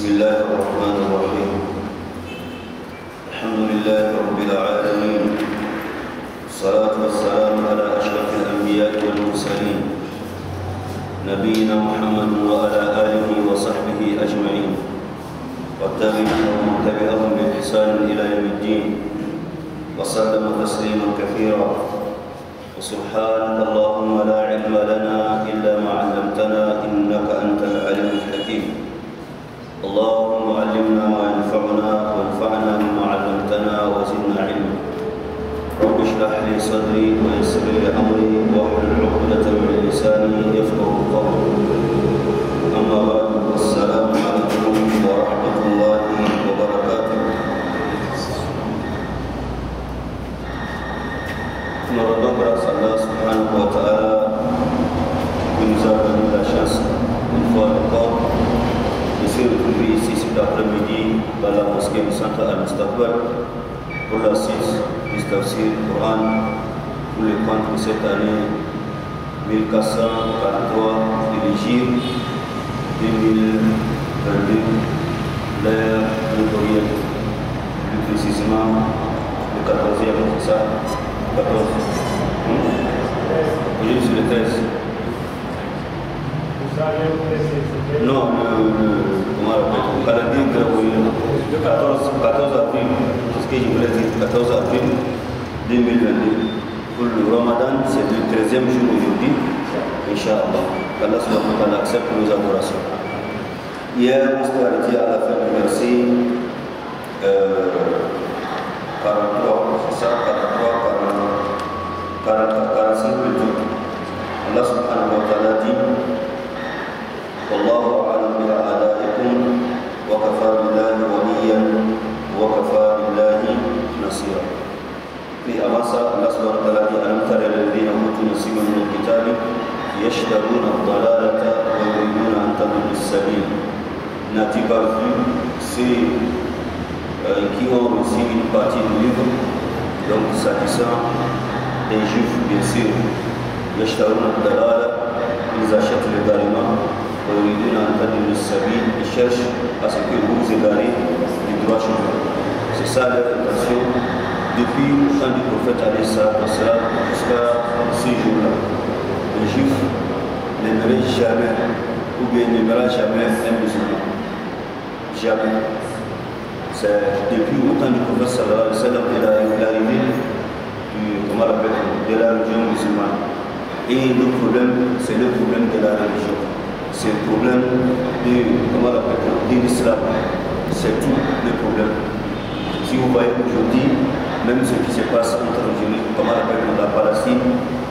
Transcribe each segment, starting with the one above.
بسم الله الرحمن الرحيم الحمد لله رب العالمين الصلاة والسلام على أشرف الأنبياء والمرسلين نبينا محمد وعلى آله وصحبه أجمعين والتابعين ومن تبعهم بإحسان إلى يوم الدين وسلم تسليما كثيرا وسبحانك اللهم لا علم لنا إلا ما علمتنا إنك أنت العليم الحكيم اللهم علمنا ما ينفعنا وانفعنا بما علمتنا وزدنا علما رب اشرح لي صدري ويسر لي امري واحلل عقدة من لساني يفقه قولي اما بعد السلام عليكم ورحمه الله akbar pour la science des tafsir Quran pour les points de cette année 1443 l'air l'air plus précisément le 14e ça 14 oui, c'est le 13. Vous avez Non, le, le, comment on appelle le calendrier le 14, 14 avril, puisque je voulais dire 14 avril 2022. Pour le ramadan, c'est le 13e jour aujourd'hui, Inch'Allah. Allah subhanahu wa ta'ala accepte nos adorations. Hier, on s'est arrêté à la fin du verset euh, 43, c'est ça, 43, 45 plutôt. Allah subhanahu wa ta'ala dit Wallahu a'lam bi a'daikum wa kafa billahi wa وكفى بالله نصيرا في أماسة الله سبحانه وتعالى ألم تر الذين أوتوا نصيبا من الكتاب يشترون الضلالة ويريدون أن تضلوا السبيل n'as-tu pas vu ceux euh, qui ont reçu une partie du livre, donc s'agissant des juifs bien sûr, ils achètent les aliments, ils cherchent à ce que vous égarez du droit chemin. C'est ça leur depuis le temps du prophète Alissa, jusqu'à ces jours-là. Les juifs n'aimeraient jamais, ou bien n'aimera jamais un musulman. Jamais. C'est depuis le temps du prophète sallallahu c'est l'arrivée comment de la religion musulmane. Et le problème, c'est le problème de la religion. C'est le problème de, comment de l'islam. C'est tout le problème. Si vous voyez aujourd'hui, même ce qui se passe entre la Palestine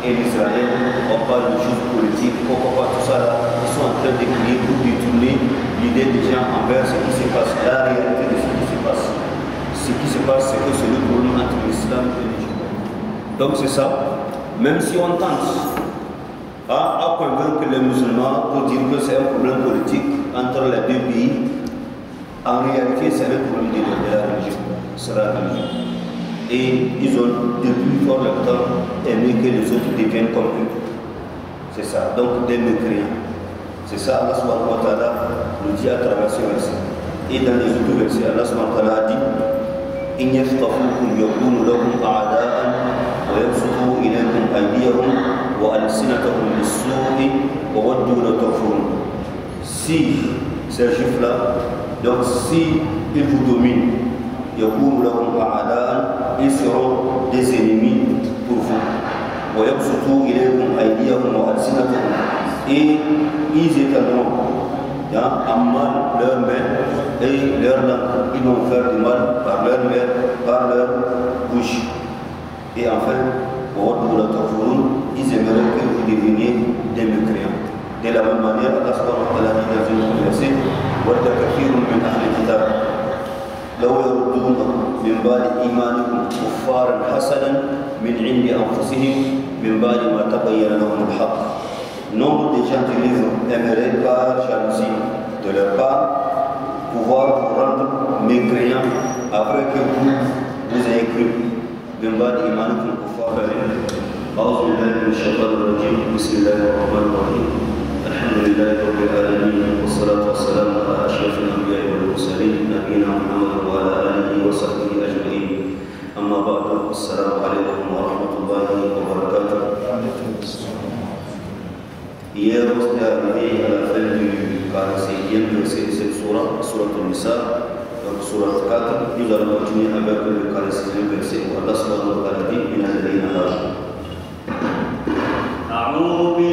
et l'Israël, on parle de choses politiques, pourquoi pas tout ça là, ils sont en train d'écrire ou pour détourner l'idée des gens envers ce qui se passe, la réalité de ce qui se passe. Ce qui se passe, c'est que c'est le problème entre l'islam et l'Israël. Donc c'est ça, même si on tente à, convaincre les musulmans pour dire que c'est un problème politique entre les deux pays, en réalité c'est un problème de la religion sera Et ils ont depuis fort longtemps aimé que les autres deviennent comme eux. C'est ça, donc des mécréants. C'est ça, Allah subhanahu nous dit à travers ce verset. Et dans les autres versets, Allah subhanahu dit Si ces chiffres là donc si ils vous dominent, يكون لهم أعداء اسروا دزنمين كرفوا ويبسطوا إليكم أيديهم وألسنتهم إيه إيزي تنروا يا أمان لرمي إيه لرنا إنهم فرد مال par leur mer, par leur bouche. Et enfin, ils aimeraient que vous deveniez des mécréants. De la même manière, Allah subhanahu wa ta'ala dit dans une verset, وَلْتَكَثِيرٌ مِنْ أَهْلِ الْكِتَابِ لو يردونكم من بعد إيمانكم كفارا حسنا من عند أنفسهم من بعد ما تبين لهم الحق Nombre des gens du livre aimeraient par jalousie de leur part pouvoir vous rendre mécréants après que vous vous ayez cru. من بعد إيمانكم كفارا أعوذ بالله من الشيطان الرجيم بسم الله الرحمن الرحيم الحمد لله رب العالمين والصلاة والسلام على أشرف الأنبياء والمرسلين نبينا محمد وعلى آله وصحبه أجمعين أما بعد السلام عليكم ورحمة الله وبركاته Hier ist der Weg à la fin du 45e verset de cette surah, surah al-Nisa, donc surah 4, nous allons continuer avec le 46e verset où Allah subhanahu wa ta'ala dit, « Inna ladina la » أعوذ بالله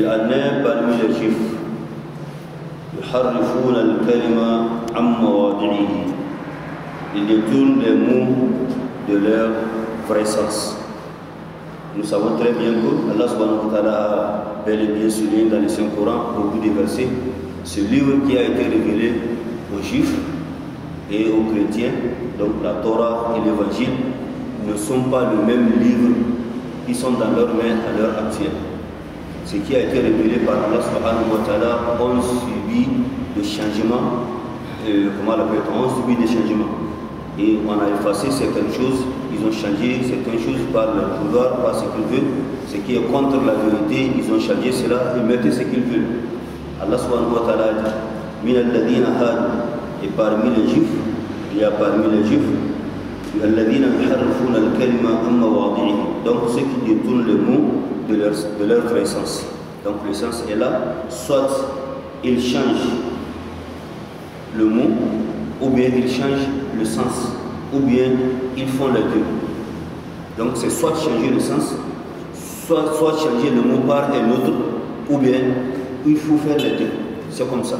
لأنهم parmi les Le يحرفون الكلمة عن مواضعه Il détourne les mots de leur présence Nous savons très bien que Allah subhanahu wa ta'ala a bel et bien souligné dans les saint corans au bout des versets, ce livre qui a été révélé aux Juifs et aux chrétiens, donc la Torah et l'Évangile, ne sont pas le même livre, qui sont dans leurs mains à l'heure actuelle ce qui a été révélé par Allah subhanahu wa ta'ala, on subit des changements, euh, comment on subit des changements. Et on a effacé certaines choses, ils ont changé certaines choses par leur pouvoir, par ce qu'ils veulent. Ce qui est contre la vérité, ils ont changé cela et mettent ce qu'ils veulent. Allah subhanahu wa ta'ala dit, et parmi les juifs, il y a parmi les juifs donc ceux qui détournent le mot de leur, de leur vrai sens. Donc le sens est là, soit ils changent le mot, ou bien ils changent le sens, ou bien ils font les deux. Donc c'est soit changer le sens, soit, soit changer le mot par un autre, ou bien il faut faire les deux. C'est comme ça.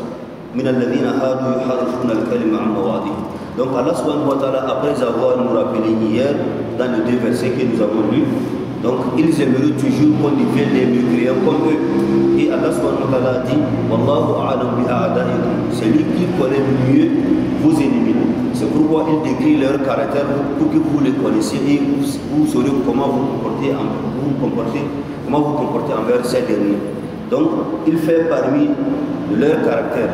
Donc Allah subhanahu wa ta'ala, après avoir nous rappelé hier, dans les deux versets que nous avons lu, donc ils aimeraient toujours qu'on devienne les mécréants comme eux. Et Allah subhanahu wa ta'ala dit, Wallahu a'lam bi c'est lui qui connaît mieux vos ennemis. C'est pourquoi il décrit leur caractère pour que vous les connaissiez et vous, saurez comment vous comportez, vous comportez, comment vous comportez envers ces derniers. Donc il fait parmi leur caractère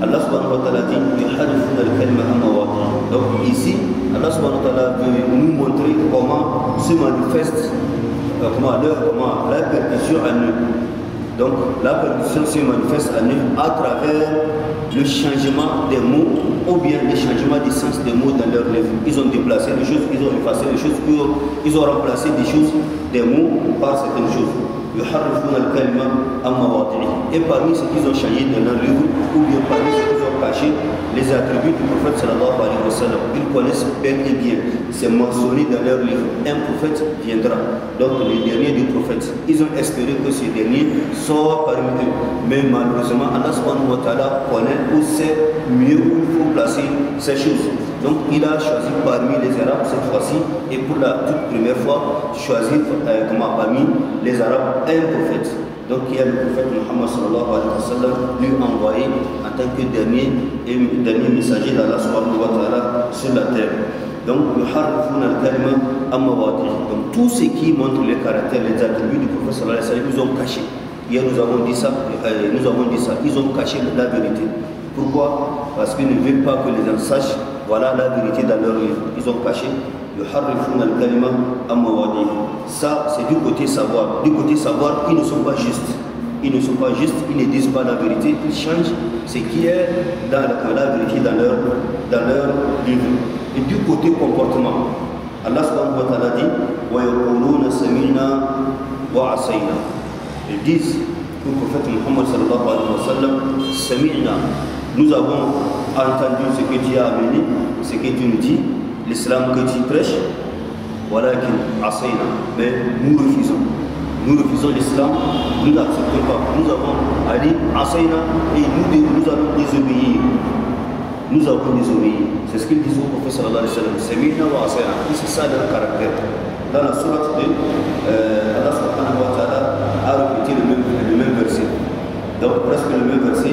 Allah subhanahu wa ta'ala dit Donc ici, Allah ta'ala veut nous montrer comment se manifeste, euh, comment la perdition à nous. Donc la perdition se manifeste à nous à travers le changement des mots ou bien le changement du sens des mots dans leur livre. Ils ont déplacé des choses, ils ont effacé des choses, ils ont remplacé des choses, des mots par certaines choses. Et parmi ce qu'ils ont changé dans leur livre, ou bien parmi ce qu'ils ont caché, les attributs du prophète sallallahu alayhi wa sallam, ils connaissent bien et bien. C'est mentionné dans leur livre. Un prophète viendra. Donc les derniers du prophète, ils ont espéré que ces derniers soient parmi eux. Mais malheureusement, Allah subhanahu wa ta'ala connaît où c'est mieux où il faut placer ces choses. Donc il a choisi parmi les Arabes cette fois-ci et pour la toute première fois choisi euh, comme parmi les Arabes un prophète. Donc il y a le prophète Muhammad lui envoyé en tant que dernier, et dernier messager d'Allah subhanahu wa ta'ala sur la terre. Donc, Donc tout ce qui montre les caractères, les attributs du prophète sallallahu alayhi wa sallam, ils ont caché. Hier nous avons dit ça, euh, nous avons dit ça, ils ont caché la vérité. Pourquoi Parce qu'ils ne veulent pas que les gens sachent, voilà la vérité dans leur livre. Ils ont caché. Ça, c'est du côté savoir. Du côté savoir, ils ne sont pas justes. Ils ne sont pas justes, ils ne disent pas la vérité, ils changent ce qui est dans la, vérité dans leur, dans leur livre. Et du côté comportement, Allah subhanahu wa ta'ala dit Ils disent, le prophète Muhammad sallallahu alayhi wa sallam, nous avons entendu ce que tu as amené, ce que tu nous dis, l'islam que tu prêches. Voilà qu'il Mais nous refusons. Nous refusons l'islam, nous n'acceptons pas. Nous avons Ali Asaina et nous, avons désobéi. désobéir. Nous avons désobéi. C'est ce qu'il disait au professeur Allah. alayhi wa Asayna. C'est ça leur caractère. Dans la sourate de euh, Allah subhanahu wa a répété le même, le même verset. Donc presque le même verset.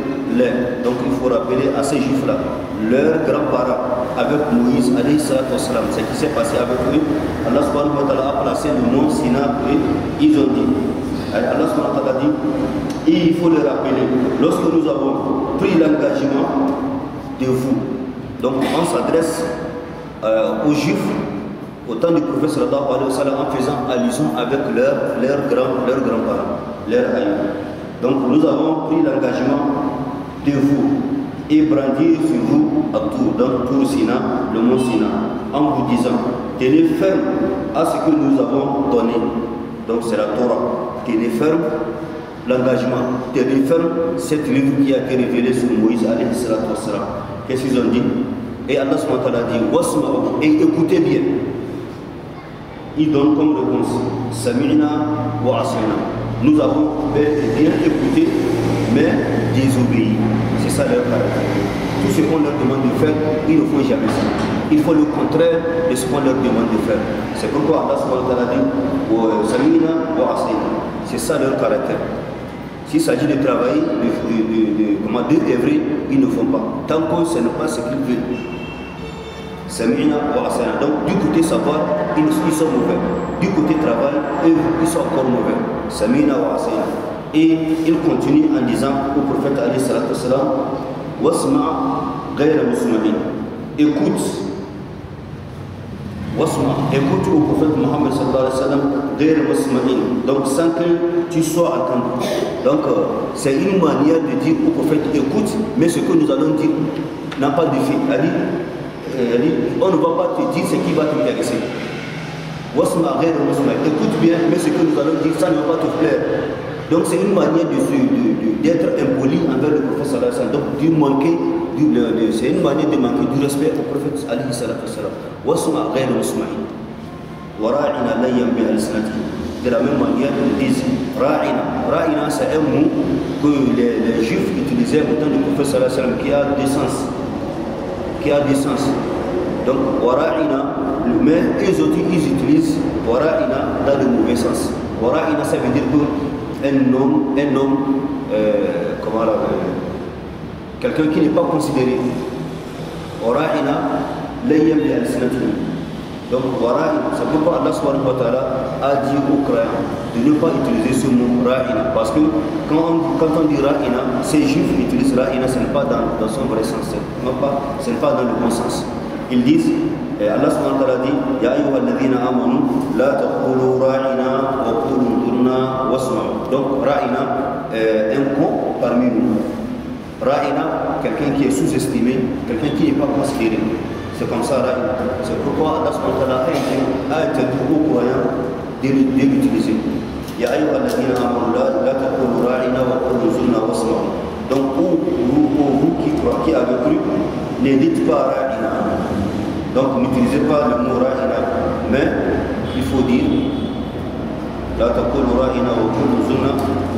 Donc il faut rappeler à ces juifs-là, leurs grands-parents, avec Moïse, salam, ce qui s'est passé avec eux, Allah subhanahu wa ta'ala a placé le nom Sina et ils ont dit, Allah subhanahu wa ta'ala dit, et il faut le rappeler, lorsque nous avons pris l'engagement de vous, donc on s'adresse euh, aux juifs au temps du prophète wa en faisant allusion avec leurs leur grands-parents, leur grand leurs aïeux. Donc nous avons pris l'engagement de vous et brandir sur vous à tout, dans tout Sina, le mont Sina, en vous disant, tenez ferme à ce que nous avons donné. Donc c'est la Torah. Tenez ferme l'engagement. Tenez ferme cette livre qui a été révélée sur Moïse, alayhi Qu'est-ce qu'ils ont dit Et Allah a dit, wasma, et écoutez bien. Il donne comme réponse, Samina wa Nous avons bien écouté, mais désobéir. C'est ça leur caractère. Tout ce qu'on leur demande de faire, ils ne font jamais ça. Ils font le contraire de ce qu'on leur demande de faire. C'est pourquoi Allah dit C'est ça leur caractère. S'il s'agit de travailler, de, de, de, ils ne font pas. Tant qu'on ne sait pas ce qu'ils veulent. Donc du côté savoir, ils, sont mauvais. Du côté travail, ils sont encore mauvais. Samina wa et il continue en disant au prophète Ali alayhi salatu wasma ghayra muslimin. Écoute. Wasma, écoute au prophète Mohammed sallallahu alayhi wa Donc sans que tu sois entendu. Donc euh, c'est une manière de dire au prophète écoute, mais ce que nous allons dire n'a pas de Ali, Ali, euh, on ne va pas te dire ce qui va t'intéresser. Wasma ghayra muslimin. Écoute bien, mais ce que nous allons dire, ça ne va pas te plaire. Donc c'est une manière d'être impoli envers le prophète sallallahu alayhi wa sallam donc de manquer, c'est une manière de manquer du respect au prophète alayhi sallallahu alayhi wa sallam. de la même manière ils disent Ra'ina. Ra'ina c'est un mot que les, juifs utilisaient au temps du prophète sallallahu alayhi wa sallam qui a des sens qui a des sens donc Wara'ina mais eux autres ils utilisent Wara'ina dans le mauvais sens Wara'ina ça veut dire que un homme, un homme euh, comment euh, quelqu'un qui n'est pas considéré. Donc ça c'est pourquoi Allah subhanahu wa ta'ala a dit aux croyants de ne pas utiliser ce mot Ra'ina. Parce que quand on, dit Ra'ina, ces juifs utilisent Ra'ina, ce n'est pas dans, son vrai sens, ce n'est pas, dans le bon sens. Ils disent, euh, Allah subhanahu wa dit, Ya ayyuha alladhina amanu, la taqulu Ra'ina wa قلنا واسمعوا دونك راينا ان كون parmi nous راينا quelqu'un qui est sous-estimé quelqu'un qui n'est pas considéré c'est comme ça راينا c'est pourquoi Allah subhanahu wa ta'ala a dit atadou aux croyants de l'utiliser يا ايها الذين امنوا لا تقولوا راينا وقولوا زلنا واسمعوا donc vous, vous, vous qui croyez qui avez cru ne dites pas راينا donc n'utilisez pas le mot راينا mais il faut dire لا تقولوا رائنا وكل زنا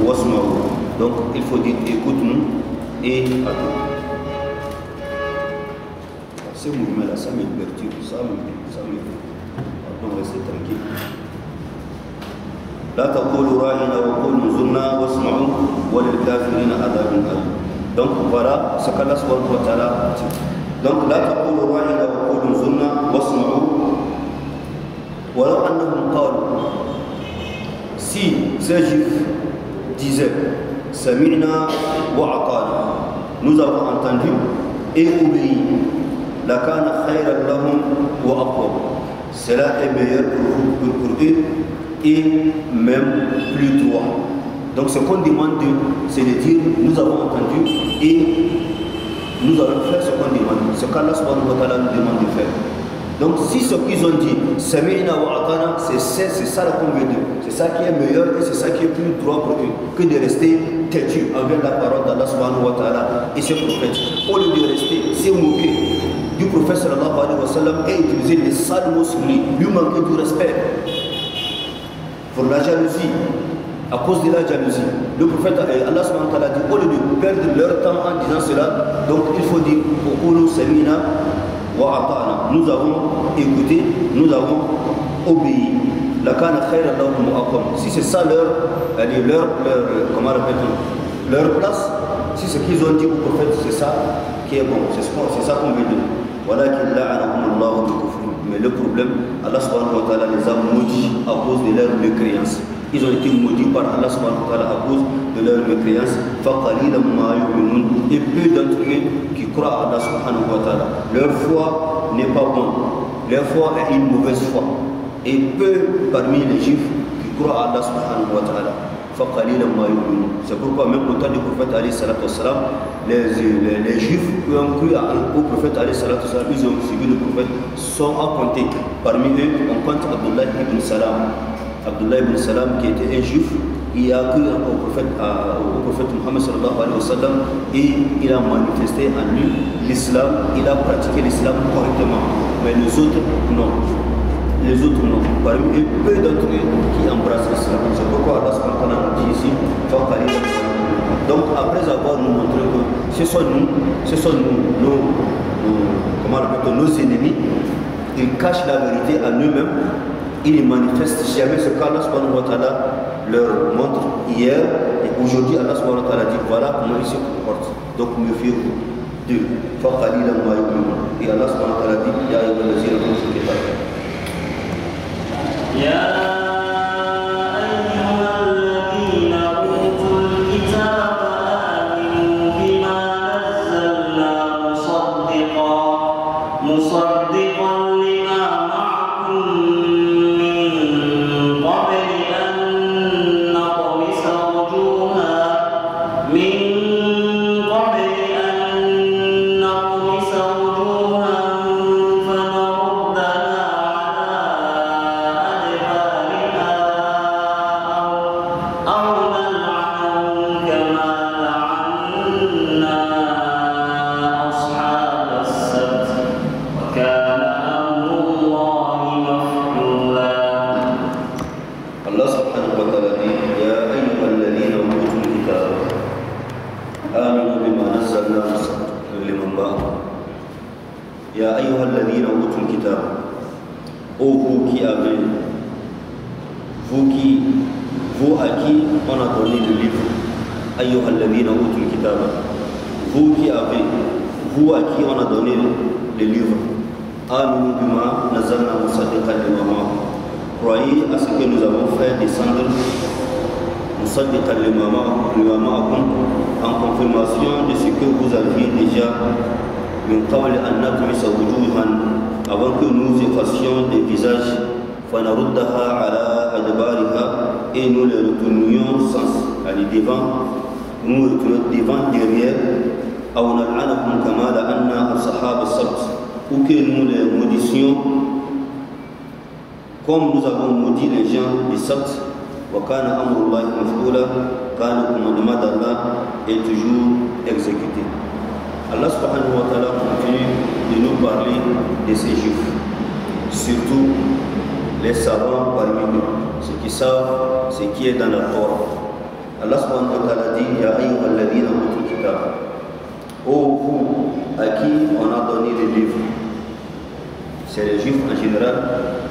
واسمعوا دونك الفو دي ايكوتن ايه اكو سي مو مالا سامي بيرتي سامي سامي اكو ريسي تريكي لا تقولوا رائنا وكل زنا واسمعوا وللكافرين عذاب اليم دونك الله سبحانه وتعالى دونك لا تقولوا رائنا وكل زنا واسمعوا ولو انهم قالوا si ces juifs disaient nous avons entendu et obéi, la lahum wa Cela est meilleur pour, eux et même plus droit. Donc ce qu'on demande c'est de dire nous avons entendu et nous allons faire ce qu'on demande, ce qu'Allah nous demande de faire. Donc si ce qu'ils ont dit, c'est ça la convaincue. c'est ça qui est meilleur et c'est ça qui est plus droit pour eux, que de rester têtu envers la parole d'Allah subhanahu wa ta'ala et ses prophètes. Au lieu de rester, c'est moquer du prophète sallallahu alayhi wa sallam et utiliser les salmos lui, lui manquer du respect pour la jalousie, à cause de la jalousie. Le prophète euh, Allah subhanahu wa ta'ala dit, au lieu de perdre leur temps en disant cela, donc il faut dire, « au semina. Nous avons écouté, nous avons obéi. Si c'est ça leur, leur, leur, euh, leur place, si ce qu'ils ont dit au prophète, c'est ça qui est bon, c'est ça qu'on veut dire. Voilà qu'il Mais le problème, Allah subhanahu wa ta'ala les a maudits à cause de leur mécréance. Ils ont été maudits par Allah subhanahu wa à cause de leur mécréance. Et peu d'entre eux qui croient à Allah subhanahu wa ta'ala. Leur foi n'est pas bonne. Leur foi est une mauvaise foi. Et peu parmi les juifs qui croient à Allah subhanahu wa ta'ala. C'est pourquoi même au temps du prophète Ali les, les, juifs qui ont cru au prophète Ali ils ont suivi le prophète, sont à compter. Parmi eux, on compte Abdullah ibn Salam, Abdullah ibn Salam, qui était un juif, il a cru au prophète, au prophète Muhammad sallallahu alayhi wa sallam et il a manifesté en lui l'islam, il a pratiqué l'islam correctement. Mais les autres, non. Les autres, non. Parmi eux, peu d'autres qui embrassent l'islam. C'est pourquoi Allah a dit ici, Donc après avoir nous montré que ce sont nous, ce sont nous, nos, comment on nos ennemis, ils cachent la vérité à eux-mêmes il manifeste jamais ce qu'Allah leur montre hier et aujourd'hui Allah subhanahu dit voilà comment ils se comportent donc méfiez-vous d'eux dans et Allah subhanahu wa ta'ala dit ce Ya ayyuhalladhina utul kitab, vous qui avez, vous qui, vous à qui on a donné le livre, ayyuhalladhina utul kitab, vous qui avez, vous à qui on a donné le livre, aminu bima nazalna musaddiqan lima ma'ahu croyez à ce que nous avons fait descendre Musaddiqan maman, en confirmation de ce que vous avez déjà من قبل أن نكمس وجوها أو كنوزي فاسيون دي فيزاج فنردها على أدبارها إي نو لي روتونيون سانس يعني ديفان نو أو نلعنكم كما لأن أصحاب السبت أو كي نو لي موديسيون كوم نو زافون مودي لي جان وكان أمر الله مفعولا كان مدمد الله إي توجور إكزيكيتي Allah subhanahu wa ta'ala continue de nous parler de ces juifs, surtout les savants parmi nous, ceux qui savent ce qui est dans la Torah. Allah subhanahu wa ta'ala dit Ya ayyuhalladhina utul Ô vous à qui on a donné les livres, c'est les juifs en général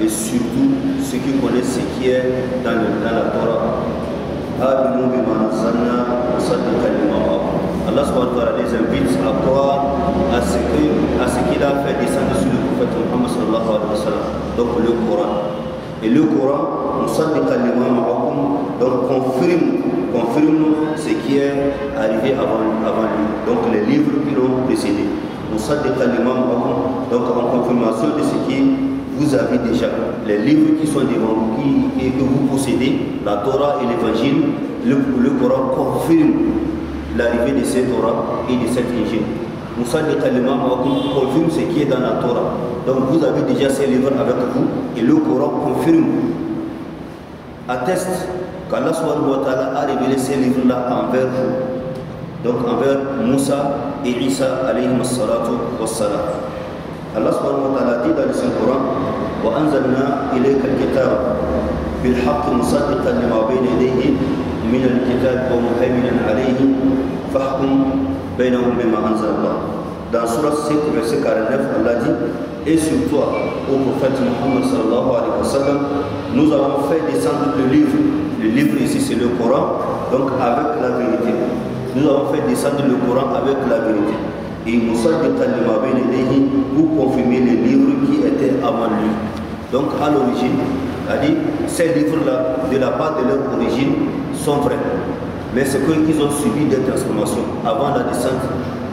et surtout ceux qui connaissent ce qui est dans, le, dans la Torah. le Coran. Et le Coran, donc confirme, confirme ce qui est arrivé avant, lui, donc les livres qui l'ont précédé. Donc en confirmation de ce qui vous avez déjà, les livres qui sont devant vous, et que vous possédez, la Torah et l'Évangile, le, Coran confirme l'arrivée de cette Torah et de cette Évangile. Moussadika l'imam Wakoum confirme ce qui est dans la Torah. Donc vous avez déjà ces livres avec vous et le Coran confirme, atteste qu'Allah a révélé ces livres-là envers vous. Donc envers Moussa et Isa alayhi salatu wassalam. Allah subhanahu wa ta'ala dit dans le Saint-Coran وأنزلنا إليك الكتاب بالحق مصدقا لما بين يديه من الكتاب ومهيمنا عليه فاحكم Dans Surah 5, verset 49, Allah dit Et sur toi, au prophète Muhammad nous avons fait descendre le livre. Le livre ici, c'est le Coran, donc avec la vérité. Nous avons fait descendre le Coran avec la vérité. Et ben pour confirmer les livres qui étaient avant lui. Donc à l'origine, c'est-à-dire ces livres-là, de la part de leur origine, sont vrais mais c'est qu'ils ont subi des transformations avant la descente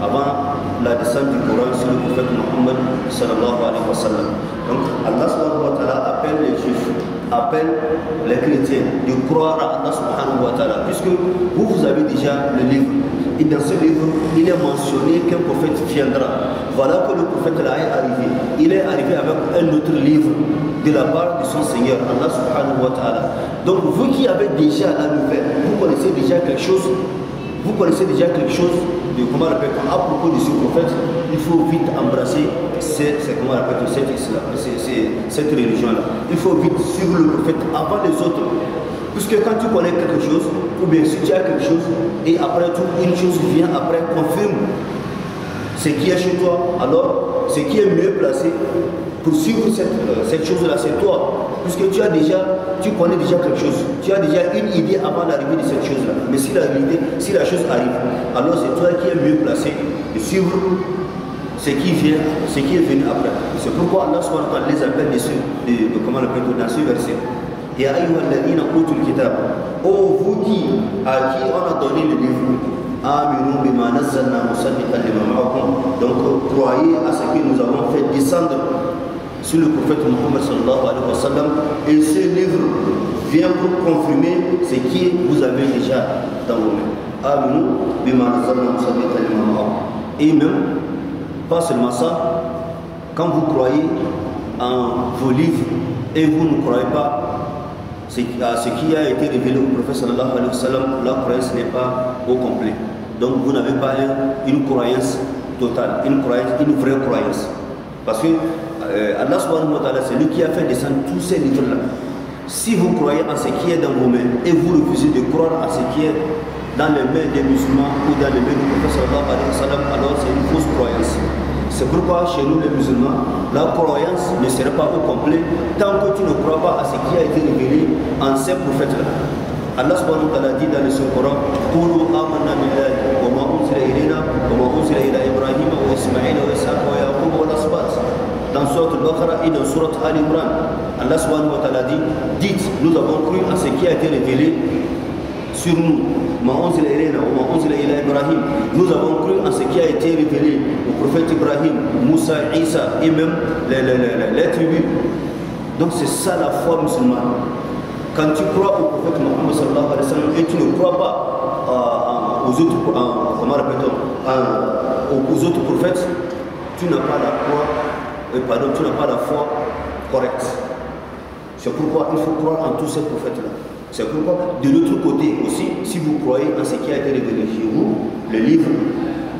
avant la descente du Coran sur le prophète Mohammed sallallahu alayhi wa sallam. Donc Allah subhanahu wa ta'ala appelle les juifs, appelle les chrétiens de croire à Allah subhanahu wa ta'ala, puisque vous, vous avez déjà le livre. Et dans ce livre, il est mentionné qu'un prophète viendra. Voilà que le prophète là est arrivé. Il est arrivé avec un autre livre de la part de son Seigneur, Allah subhanahu wa ta'ala. Donc vous qui avez déjà la nouvelle, vous connaissez déjà quelque chose, vous connaissez déjà quelque chose comment à propos de ce prophète, il faut vite embrasser cette, comment cette, cette religion-là. Il faut vite suivre le prophète avant les autres. Puisque quand tu connais quelque chose, ou bien si tu as quelque chose, et après tout, une chose vient, après confirme ce qui est chez toi, alors ce qui est mieux placé pour suivre euh, cette, chose-là, c'est toi. Puisque tu as déjà, tu connais déjà quelque chose. Tu as déjà une idée avant l'arrivée de cette chose-là. Mais si la, chose arrive, alors c'est toi qui es mieux placé de suivre ce qui, vient, ce qui est venu après. C'est pourquoi Allah soit les appels de, ce, de, de, comment le dans ce verset. Et kitab. Oh vous qui, à qui on a donné le livre, Donc croyez à ce que nous avons fait descendre sur le prophète Mohammed sallallahu alayhi wa sallam et ce livre vient vous confirmer ce qui vous avez déjà dans vos mains. Et même, pas seulement ça, quand vous croyez en vos livres et vous ne croyez pas à ce qui a été révélé au prophète sallallahu alayhi wa sallam, la croyance n'est pas au complet. Donc vous n'avez pas une croyance totale, une, croyance, une vraie croyance. Parce que euh, Allah subhanahu wa ta'ala, c'est lui qui a fait descendre tous ces livres-là. Si vous croyez en ce qui est dans vos mains et vous refusez de croire en ce qui est dans les mains des musulmans ou dans les mains du prophète sallallahu alayhi wa sallam, alors c'est une fausse croyance. C'est pourquoi chez nous les musulmans, la croyance ne sera pas au complet tant que tu ne crois pas à ce qui a été révélé en ces prophètes-là. Allah subhanahu wa ta'ala dit dans le coran Qulu amanna billahi wa ma ilayna wa ma ila Ibrahim wa Ismaïl wa Isaac dans Surat al-Baqarah et dans Surat al-Imran. Allah subhanahu wa ta'ala dit Dites, nous avons cru à ce qui a été révélé sur nous. Nous avons cru en ce qui a été révélé au prophète Ibrahim, Moussa, Isa et même les, tribus. Donc c'est ça la foi musulmane. Quand tu crois au prophète Mohammed et tu ne crois pas aux, autres, aux autres prophètes, tu n'as pas la foi et pardon, tu n'as pas la foi correcte. C'est pourquoi il faut croire en tous ces prophètes-là. C'est pourquoi, de l'autre côté aussi, si vous croyez en ce qui a été révélé chez vous, le livre,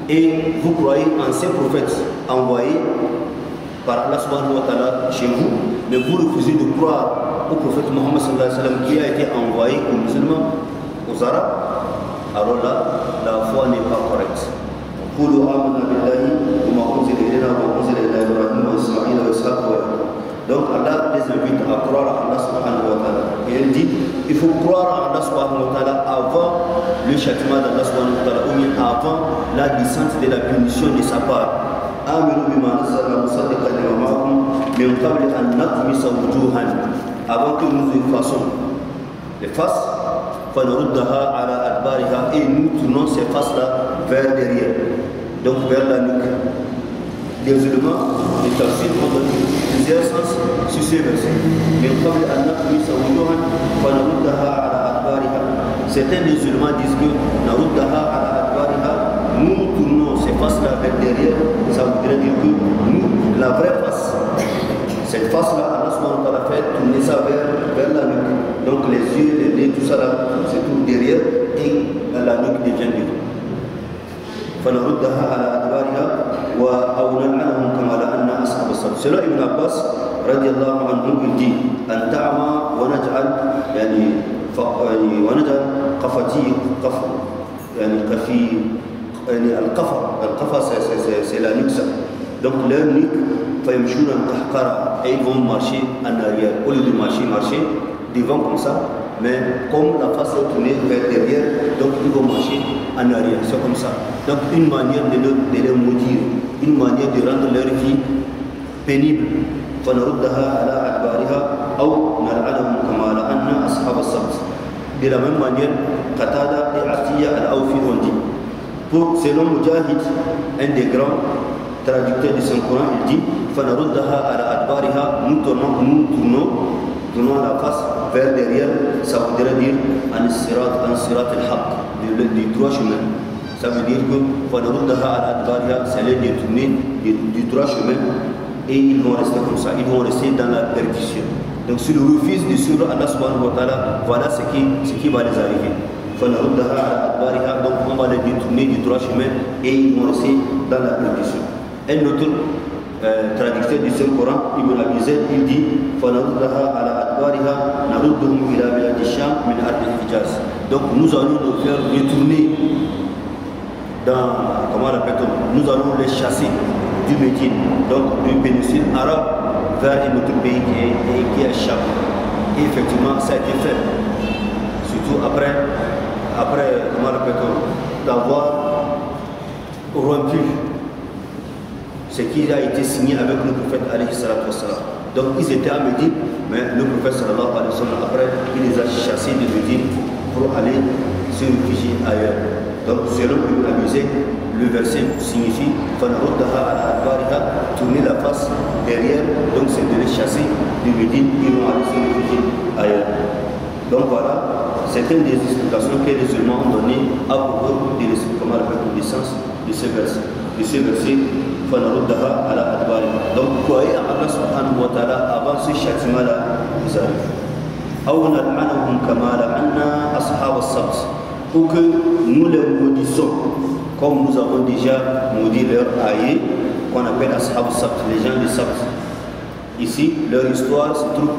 et vous croyez en ces prophètes envoyés par Allah subhanahu wa ta'ala chez vous, mais vous refusez de croire au prophète Mohammed sallallahu alayhi wa sallam qui a été envoyé aux musulmans, aux arabes, alors là, la foi n'est pas correcte. pour le donc Allah les invite à croire à Allah subhanahu wa ta'ala. Et elle dit, il faut croire à Allah subhanahu wa ta'ala avant le châtiment d'Allah subhanahu wa ta'ala, ou bien avant la descente de la punition de sa part. avant que nous les les faces et nous tournons ces faces là vers derrière donc vers la nuque les éléments du tafsir ont donné plusieurs sens sur ces versets. Mais comme Certains musulmans disent que nous tournons ces faces-là vers derrière, ça voudrait dire que nous, la vraie face, cette face-là, Allah subhanahu l'a fait tourner ça vers, vers la nuque. Donc les yeux, les nez, tout ça là, se derrière et la nuque devient devant. أبائنا أو نلعنهم كما لأن أصحاب الصف سلاء ابن عباس رضي الله عنه يدي أن تعمى ونجعل يعني, يعني ونجعل قفتي قف يعني قفي يعني القفا القفا لا نكسر دونك لا نك فيمشون تحقر أي فون مارشي النارية كل مارشي مارشي ديفون كم سا mais comme la face est tournée vers derrière, donc ils vont marcher en arrière. C'est comme ça. Donc une manière de, de les maudire, une manière de rendre leur vie pénible. De la même manière, Katada et Asiya al-Awfi ont dit. Pour, selon Mujahid, un des grands traducteurs du Saint-Coran, il dit nous tournons, nous tournons, tournons la face فيرد ديال ساو دير دير عن الصراط عن صراط الحق دي دروا شمال ساو دير كون فنردها على أدبارها سالي دير تنين دي دروا شمال et ils vont rester comme ça, ils vont rester dans la perdition. Donc si le refusent de suivre Allah subhanahu wa ta'ala, voilà ce qui, ce qui va les arriver. Donc on va les détourner du droit chemin et ils vont rester dans la perdition. Un autre euh, traducteur du Saint-Coran, Ibn Abizet, il dit « Fanaruddaha ala donc nous allons le faire retourner dans comment t on nous allons les chasser du Médine donc du péninsule arabe vers un autre pays qui est, qui et effectivement ça a été fait surtout après après comment t on d'avoir rompu c'est qu'il a été signé avec le prophète alayhi Donc ils étaient à Médine, mais le prophète sallallahu alayhi wa sallam, après, il les a chassés de Médine pour aller se réfugier ailleurs. Donc selon Ibn musée, le verset signifie tourner la face derrière, donc c'est de les chasser de Médine, ils vont aller se réfugier ailleurs. Donc voilà, c'est une des explications que les humains ont données à propos de la reconnaissance de De ce verset فنردها على أدبارنا دونك أي الله سبحانه وتعالى أباس الشات ملا بذلك أو نلعنهم كما لعنا أصحاب السبت كوك نولو موديسون كوم نوز أفون ديجا مودي لور أي كون أصحاب السبت لي جان دي سبت Ici, leur histoire se trouve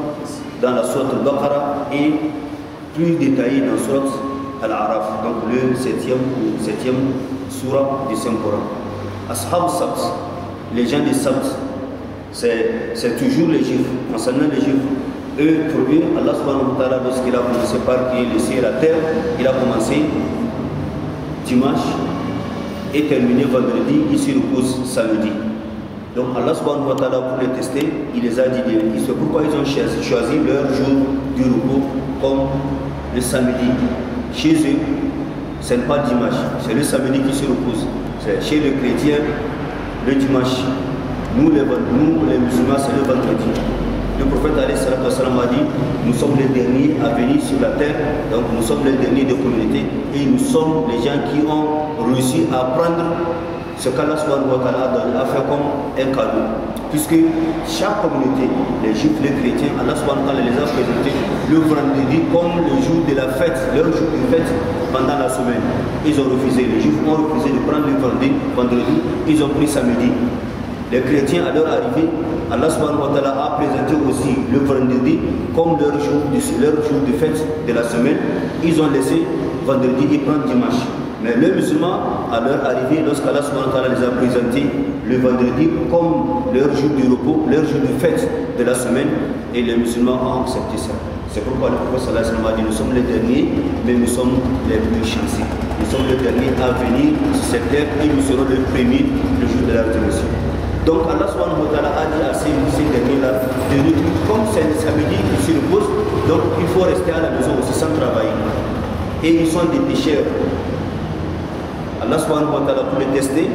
dans la sourate Bakara et plus détaillée dans la sourate Al-Araf, donc le 7 ou 7 sourate du Saint-Coran. Ashab Sabt, les gens des sabs, c'est toujours les juifs, concernant les juifs. Eux, pour eux, Allah subhanahu wa ta'ala, lorsqu'il a commencé par créer le ciel la terre, il a commencé dimanche et terminé vendredi, il se repose samedi. Donc Allah subhanahu wa ta'ala, pour les tester, il les a dit bien. C'est pourquoi ils ont choisi, leur jour du repos comme le samedi. Chez eux, ce n'est pas dimanche, c'est le samedi qui se repose chez le chrétien le dimanche. Nous les, musulmans, c'est le vendredi. Le prophète a dit, nous sommes les derniers à venir sur la terre, donc nous sommes les derniers de communauté et nous sommes les gens qui ont réussi à prendre ce qu'Allah a fait comme un cadeau. Puisque chaque communauté, les juifs, les chrétiens, Allah les a présentés le vendredi comme le jour de la fête, leur jour de fête pendant la semaine. Ils ont refusé, les juifs ont refusé de prendre le vendredi, vendredi ils ont pris samedi. Les chrétiens, à leur arrivée, Allah a présenté aussi le vendredi comme leur jour, de, leur jour de fête de la semaine. Ils ont laissé vendredi et prendre dimanche. Mais les musulmans, à leur arrivée, lorsqu'Allah les a présentés le vendredi comme leur jour du repos, leur jour de fête de la semaine, et les musulmans ont accepté ça. C'est pourquoi le prophète a dit, nous sommes les derniers, mais nous sommes les plus chanceux. Nous sommes les derniers à venir sur cette terre et nous serons les premiers le jour de la résurrection. Donc Allah a dit à ces, derniers-là de nous comme c'est le samedi qui se repose, donc il faut rester à la maison aussi sans travailler. Et ils sont des pécheurs. Allah subhanahu wa pour les tester,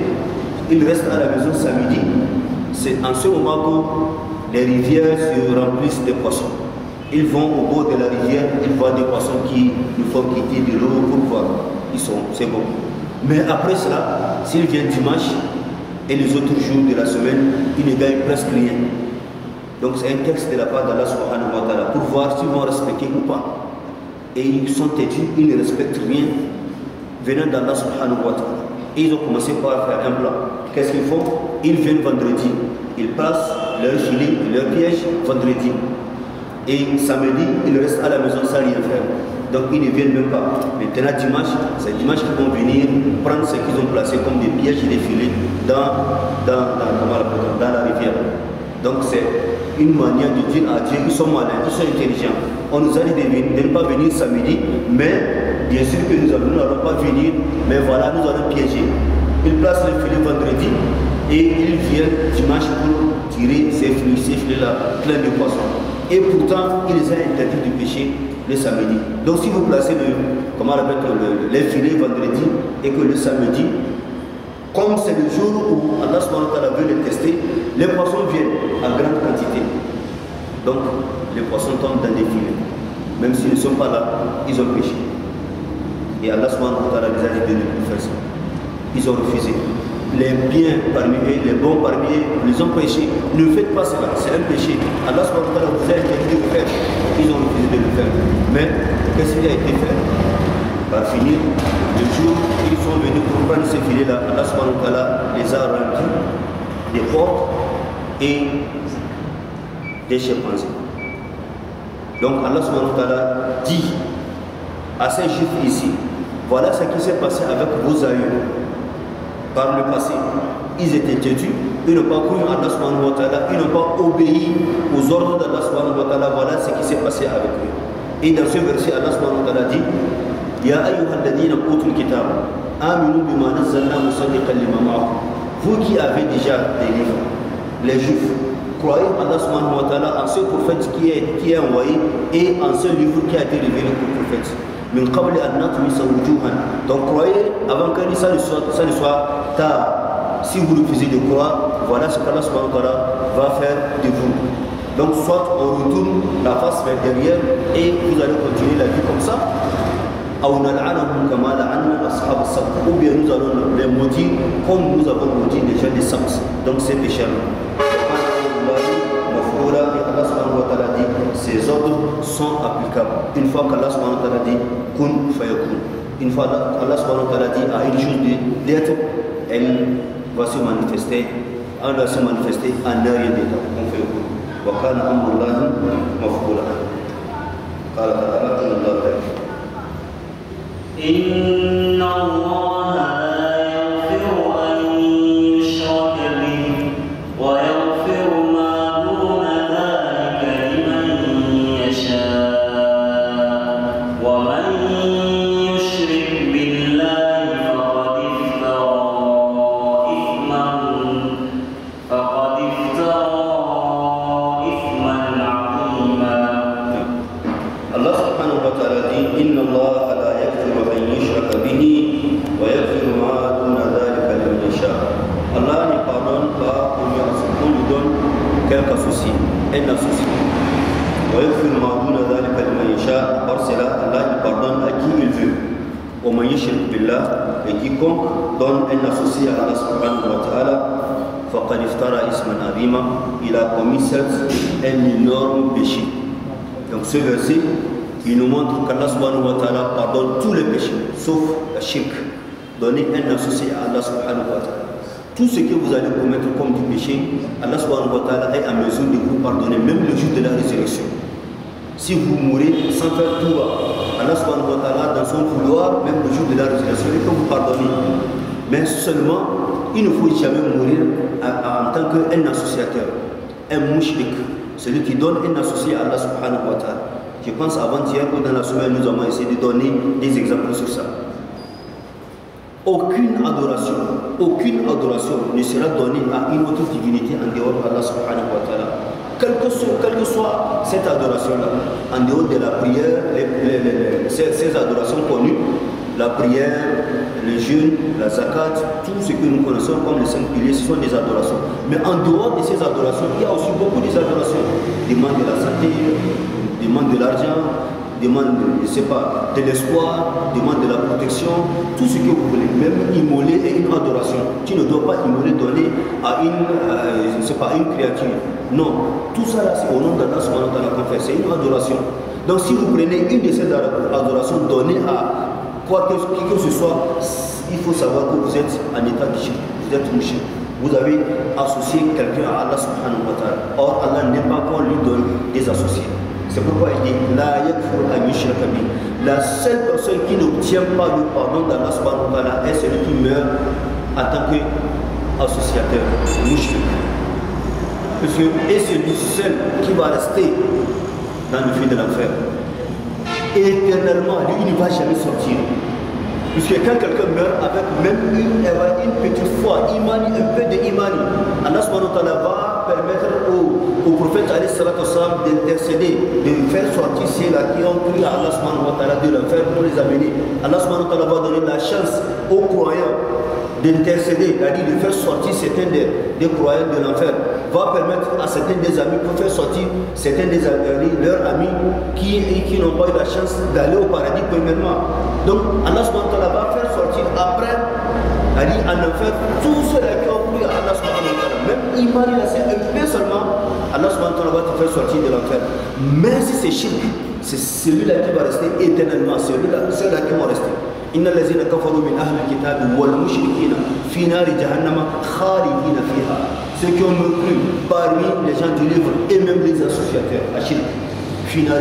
ils restent à la maison samedi. C'est en ce moment que les rivières se remplissent de poissons. Ils vont au bord de la rivière, ils voient des poissons qui nous font quitter de l'eau pour voir. Ils sont, c'est bon. Mais après cela, s'ils viennent dimanche et les autres jours de la semaine, ils ne gagnent presque rien. Donc c'est un texte de la part d'Allah subhanahu wa ta'ala pour voir s'ils vont respecter ou pas. Et ils sont têtus, ils ne respectent rien venant d'Allah subhanahu wa ta'ala. Et ils ont commencé par faire un plan. Qu'est-ce qu'ils font Ils viennent vendredi. Ils passent leur gilet, leur piège vendredi. Et samedi, ils restent à la maison sans rien faire. Donc ils ne viennent même pas. Maintenant, dimanche, c'est dimanche qu'ils vont venir prendre ce qu'ils ont placé comme des pièges et des filets dans, dans, dans, dans la rivière. Donc c'est une manière de dire à Dieu, ils sont malins, ils sont intelligents. On nous a dit de, ne pas venir samedi, mais bien sûr que nous n'allons pas venir, mais voilà, nous allons piéger. Ils placent les filets vendredi et ils viennent dimanche pour tirer ces filets, ces filets-là, plein de poissons. Et pourtant, ils ont interdit de pêcher le samedi. Donc si vous placez le, comment les filets vendredi et que le samedi, comme c'est le jour où Allah subhanahu wa ta'ala veut les tester, les poissons viennent en grande quantité. Donc les poissons tombent dans des filets. Même s'ils ne sont pas là, ils ont péché. Et Allah subhanahu wa ta'ala les a dit de ne plus faire ça. Ils ont refusé. Les biens parmi eux, les bons parmi eux, ils ont péché. Ne faites pas cela, c'est un péché. Allah subhanahu wa ta'ala vous a dit de faire. Ils ont refusé de le faire. Mais qu'est-ce qui a été fait Par finir, le jour où ils sont venus pour prendre ces filets-là, Allah subhanahu wa ta'ala les a rendus des portes et des chimpanzés. Donc Allah subhanahu wa ta'ala dit à ces juifs ici, voilà ce qui s'est passé avec vos aïeux par le passé. Ils étaient têtus, ils n'ont pas cru Allah subhanahu wa ta'ala, ils n'ont pas obéi aux ordres d'Allah subhanahu wa ta'ala, voilà ce qui s'est passé avec eux. Et dans ce verset, Allah subhanahu wa ta'ala dit, Ya ayyuhalladhina utul kitab, aminu bima nazzalna musaddiqan lima Vous qui avez déjà des les juifs, croyez en Allah subhanahu wa ta'ala, en ce prophète qui est, qui est envoyé et en ce livre qui a été révélé le prophète. Donc croyez avant que ça ne soit, tard. Si vous refusez de croire, voilà ce qu'Allah subhanahu va faire de vous. Donc soit on retourne la face vers derrière et vous allez continuer la vie comme ça. Ou bien nous allons les maudire comme nous avons maudit les des sens. Donc c'est péché. les ordres sont applicables. Une fois qu'Allah a dit kun fayakun, une fois qu'Allah dit à une chose d'être, elle va se manifester, elle va se manifester en arrière ومن يشرك بالله يجيكم دون أن نسوسي à Allah subhanahu wa ta'ala, افترى اسما عظيما il a commis un énorme péché donc ce verset il nous montre qu'Allah subhanahu wa ta'ala pardonne tous les péchés sauf le shirk donner un associé à Allah subhanahu wa ta'ala tout ce que vous allez commettre comme du péché Allah subhanahu wa ta'ala est en mesure de vous pardonner même le jour de la résurrection si vous mourrez sans faire tout Allah subhanahu wa ta'ala, dans son vouloir, même au jour de la résurrection, il peut vous pardonner. Mais seulement, il ne faut jamais mourir en tant qu'un associateur, un mouchik, celui qui donne un associé à Allah subhanahu wa ta'ala. Je pense avant-hier que dans la semaine, nous avons essayé de donner des exemples sur ça. Aucune adoration, aucune adoration ne sera donnée à une autre divinité en dehors d'Allah subhanahu quelle que soit, cette adoration-là, en dehors de la prière, ces, adorations connues, la prière, le jeûne, la zakat, tout ce que nous connaissons comme les cinq piliers, ce sont des adorations. Mais en dehors de ces adorations, il y a aussi beaucoup des adorations. Demande de la santé, demande de l'argent, demande, je sais pas, de l'espoir, demande de la protection, tout ce que vous voulez, même immoler et une adoration. Tu ne dois pas immoler, donner à une, euh, je sais pas, une créature. Non, tout ça c'est au nom d'Allah subhanahu wa ta'ala c'est une adoration. Donc si vous prenez une de ces adorations donnez à quoi que, que ce soit, il faut savoir que vous êtes en état de vous êtes mouché vous avez associé quelqu'un à Allah subhanahu wa ta'ala. Or, Allah n'est pas qu'on lui donne des associés. C'est pourquoi il dit La La seule personne qui n'obtient pas le pardon d'Allah subhanahu est celui qui meurt en tant qu'associateur, mushrik. Parce que est lui seul qui va rester dans le fil de l'enfer. Éternellement, lui, il ne va jamais sortir. que quand quelqu'un meurt avec même une, petite foi, imani, un peu d'imani, Allah subhanahu ta'ala va permettre au prophète Ali d'intercéder, de faire sortir ceux-là qui ont cru à Allah subhanahu de l'enfer pour les amener. Allah subhanahu wa ta'ala va donner la chance aux croyants d'intercéder, cest à de faire sortir certains des, des croyants de l'enfer, va permettre à certains des amis pour faire sortir certains des amis, euh, leurs amis qui, qui n'ont pas eu la chance d'aller au paradis premièrement. Donc Allah va faire sortir après, Ali à l'enfer en enfer, tous ceux qui ont cru à Allah même Iman, c'est un peu seulement, Allah subhanahu wa te faire sortir de l'enfer. Mais si c'est shirk, c'est celui-là qui va rester éternellement, celui-là, celui là qui va rester. إن الذين كفروا من أهل الكتاب والمشركين في نار جهنم خالدين فيها ceux qui ont mécru parmi les gens du livre et même les associateurs à Chine في نار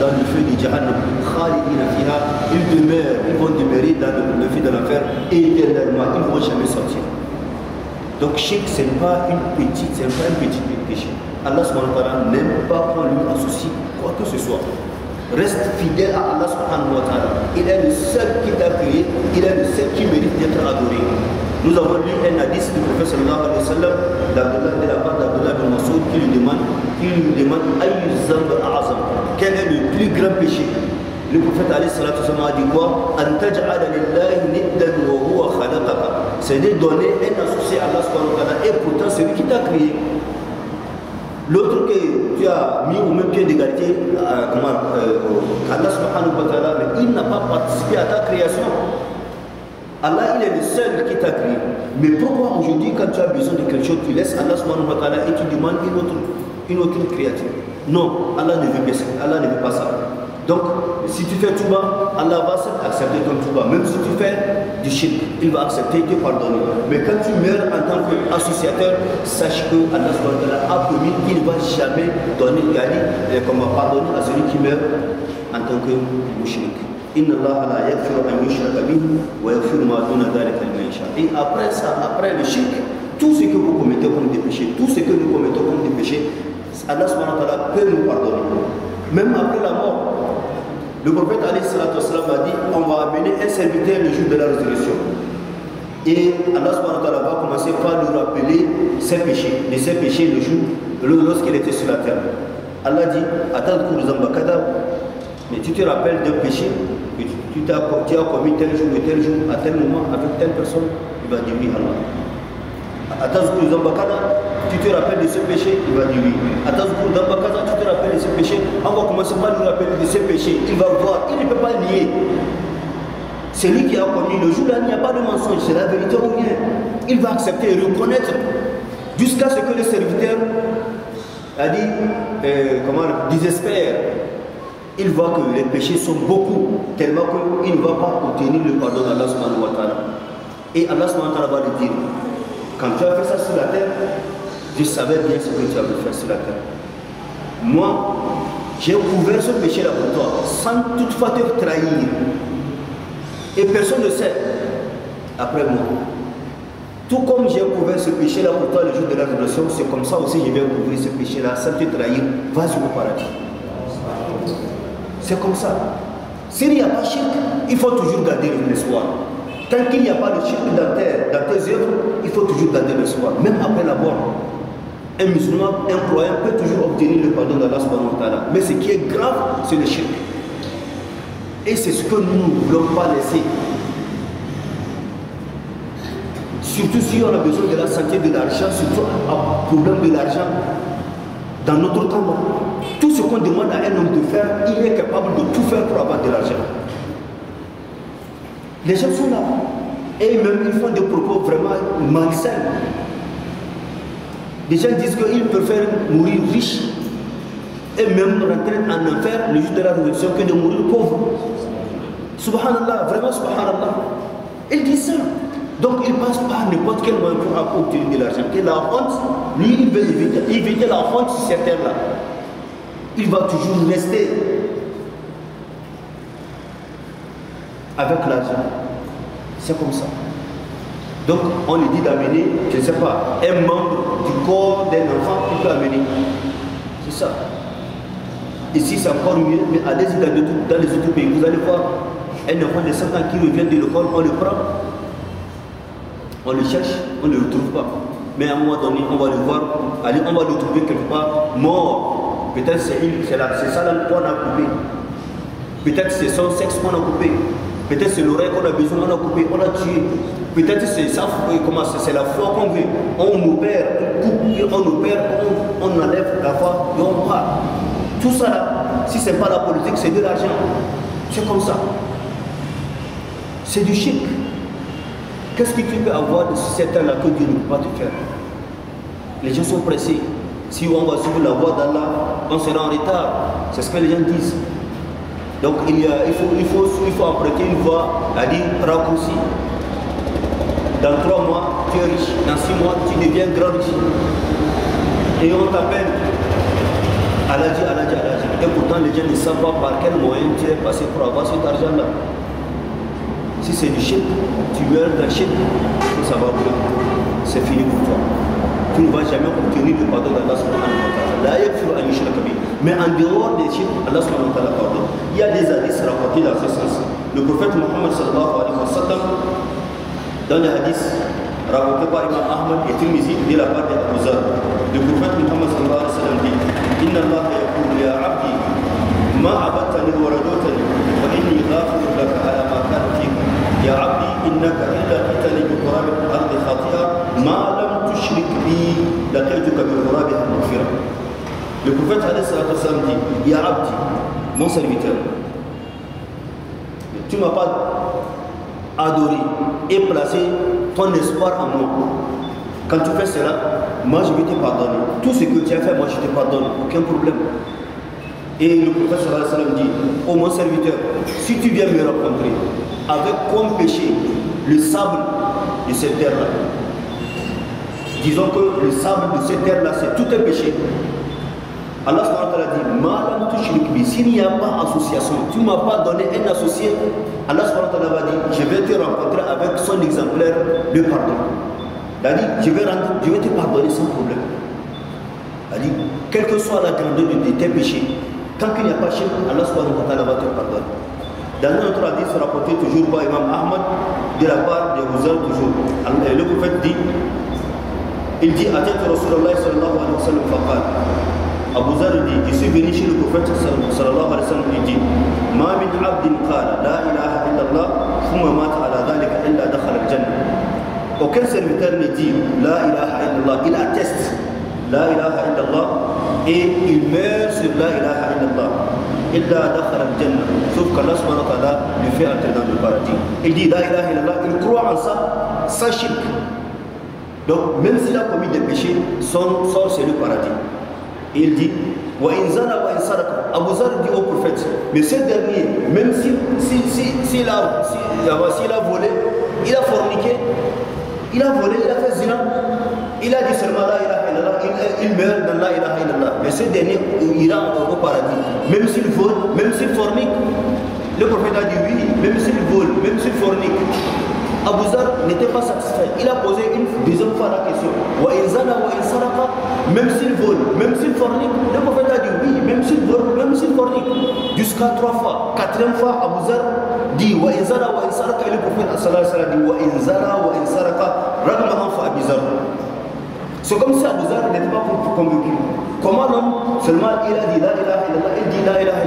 dans le feu de جهنم خالدين فيها ils demeurent ils vont demeurer dans le feu de l'enfer éternellement ils ne vont jamais sortir donc chèque, ce n'est pas une petite, c'est pas un petit péché. Allah subhanahu wa n'aime pas qu'on lui associe quoi que ce soit. Reste fidèle à Allah subhanahu wa Il est le seul qui t'a créé, il est le seul qui mérite d'être adoré. Nous avons lu un hadith du prophète sallallahu alayhi wa sallam de la part d'Abdullah bin Massoud qui lui demande, qui lui demande azam. Quel est le plus grand péché Le prophète alayhi wa sallam a dit quoi c'est de donner un associé à Allah subhanahu et pourtant c'est lui qui t'a créé. L'autre que tu as mis au même pied d'égalité, euh, comment, euh, Allah subhanahu wa ta'ala, mais il n'a pas participé à ta création. Allah, il est le seul qui t'a créé. Mais pourquoi aujourd'hui, quand tu as besoin de quelque chose, tu laisses Allah subhanahu wa ta'ala et tu demandes une autre, une autre créature Non, Allah ne veut pas ça. Allah ne veut pas ça. Donc, si tu fais tout bas, Allah va accepter ton bas, Même si tu fais du chic, il va accepter te pardonner. Mais quand tu meurs en tant qu'associateur, sache que Allah a promis qu'il ne va jamais donner, et qu'on va pardonner à celui qui meurt en tant que mushrik. Et après ça, après le chic, tout ce que vous commettez comme des péchés, tout ce que nous commettons comme des péchés, Allah peut nous pardonner. Même après la mort, le prophète a dit on va amener un serviteur le jour de la résurrection. Et Allah va commencer par nous rappeler ses péchés, Les ses péchés le jour, lorsqu'il était sur la terre. Allah dit Attends, mais tu te rappelles d'un péché que tu, as, commis tel jour et tel jour, à tel moment, avec telle personne Il va dire Oui, Allah. Atazkur Zambakana, tu te rappelles de ce péché Il va dire oui. Atazkur Zambakana, tu te rappelles de ce péché va commencer par nous rappeler de ce péché. Il va voir, il ne peut pas nier. C'est lui qui a connu le jour là, il n'y a pas de mensonge, c'est la vérité ou rien. Il va accepter et reconnaître jusqu'à ce que le serviteur a dit, euh, comment, désespère. Il voit que les péchés sont beaucoup, tellement qu'il ne va pas obtenir le pardon d'Allah subhanahu Et Allah subhanahu va le dire, quand tu as fait ça sur la terre, tu savais bien ce que tu avais fait sur la terre. Moi, j'ai ouvert ce péché-là pour toi, sans toutefois te trahir. Et personne ne sait, après moi. Tout comme j'ai ouvert ce péché-là pour toi le jour de la rédemption, c'est comme ça aussi que je vais ouvrir ce péché-là sans te trahir. Vas-y au paradis. C'est comme ça. S'il n'y a pas chic, il faut toujours garder espoir. Tant qu'il n'y a pas de chiffre dans tes, dans œuvres, il faut toujours garder le même après la mort. Un musulman, un croyant peut toujours obtenir le pardon d'Allah subhanahu Mais ce qui est grave, c'est le chiffre. Et c'est ce que nous ne voulons pas laisser. Surtout si on a besoin de la santé, de l'argent, surtout un problème de l'argent dans notre temps. Tout ce qu'on demande à un homme de faire, il est capable de tout faire pour avoir de l'argent. Les gens sont là. Et même ils font des propos vraiment malsains. Les gens disent qu'ils préfèrent mourir riches et même rentrer en enfer le jour de la révolution que de mourir pauvre. Subhanallah, vraiment subhanallah. Ils disent ça. Donc ils passent pas n'importe quel moment pour obtenir de l'argent. Et la honte, lui, il veut éviter. Éviter la honte sur ces là Il va toujours rester avec l'argent c'est comme ça. Donc on lui dit d'amener, je ne sais pas, un membre du corps d'un enfant qui peut amener. C'est ça. Ici c'est encore mieux, mais allez-y dans, dans, les autres pays, vous allez voir un enfant de 7 ans qui revient de l'école, on le prend, on le cherche, on ne le trouve pas. Mais à un moment donné, on va le voir, allez, on va le trouver quelque part mort. Peut-être c'est ça le qu'on a coupé. Peut-être c'est son sexe qu'on a coupé. Peut-être c'est l'oreille qu'on a besoin, on a coupé, on a tué. Peut-être c'est ça, euh, comment c'est la foi qu'on veut. On opère, on coupe, on opère, on, enlève la foi et on part. Tout ça là, si ce n'est pas la politique, c'est de l'argent. C'est comme ça. C'est du chic. Qu'est-ce que tu peux avoir de certain là que Dieu ne peut pas te faire Les gens sont pressés. Si on va suivre la voie d'Allah, on sera en retard. C'est ce que les gens disent. Donc il, il, faut, il, faut, il faut emprunter une voie, à dire raccourci. Dans trois mois, tu es riche. Dans six mois, tu deviens grand riche. Et on t'appelle Aladji, Aladji, Aladji. Et pourtant, les gens ne savent pas par quel moyen tu es passé pour avoir cet argent-là. Si c'est du chèque, tu meurs d'un chèque, ça va bien. C'est fini pour toi. tu ne vas jamais obtenir le pardon d'Allah subhanahu wa ta'ala. La yakfir an yushrakabi. Mais en dehors des chiffres, Allah subhanahu wa ta'ala pardonne. Il y a des hadiths rapportés dans ce sens. Le prophète Mohammed sallallahu alayhi wa sallam, dans les hadiths rapportés par Imam Ahmad et Tirmizi de la part d'Abu Zar, le prophète Mohammed sallallahu alayhi wa sallam dit Inna Allah yakul ya abdi ma abattani wa radotani fa inni ghafiru laka ala ma kana fik. Ya abdi innaka illa kitani bi qurabin ardi khati'a ma la Le prophète a dit dit, mon serviteur, tu ne m'as pas adoré et placé ton espoir en moi. Quand tu fais cela, moi je vais te pardonner. Tout ce que tu as fait, moi je te pardonne, aucun problème. Et le prophète dit, oh, mon serviteur, si tu viens me rencontrer avec comme péché le sable de cette terre-là, Disons que le sable de cette terre-là, c'est tout un péché. Allah subhanahu wa ta'ala dit, s'il n'y a pas association, tu ne m'as pas donné un associé, Allah subhanahu wa dit, je vais te rencontrer avec son exemplaire de pardon. Il a dit, je vais, te pardonner sans problème. Il a dit, quelle que soit la grandeur de tes péchés, tant qu'il n'y a pas cher Allah subhanahu wa ta'ala va te pardonner. Dans notre hadith rapporté toujours par Imam Ahmad, de la part de hommes, toujours, le prophète dit, التي اتت رسول الله صلى الله عليه وسلم فقال ابو ذر دي يسي بنشي لو صلى الله عليه وسلم دي ما من عبد قال لا اله الا الله ثم مات على ذلك الا دخل الجنه وكان سر مثال دي لا اله الا الله الى تست لا اله الا الله اي الميرس لا اله الا الله الا دخل الجنه شوف كان الله سبحانه وتعالى بفعل تردد البارتي دي لا اله الا الله الكروع عن صح صح شرك Donc, même s'il a commis des péchés, son c'est le paradis. il dit, wa Abu Zar dit au prophète, mais ce dernier, même s'il si, ah bah, a, volé, il a forniqué, il a volé, il a fait zina, il a dit seulement la il, euh, il meurt dans la ilaha Mais ce dernier ira au paradis, même s'il vole, même s'il fornique. Le prophète a dit oui, même s'il vole, même s'il fornique, Abou Zar n'était pas satisfait. Il a posé une deuxième fois la question. Wa inzana wa insaraka, même s'il vole, même s'il fornique, le prophète a dit oui, même s'il vole, même s'il fornique. Jusqu'à trois fois, quatrième fois, Abou Zar dit wa inzana wa insaraka, et le prophète a alayhi dit wa inzana wa insaraka, ragmahan fa Abu Zar. C'est comme si Abou Zar n'était pas convaincu. Comment l'homme, seulement il a dit la ilaha illallah, il dit la ilaha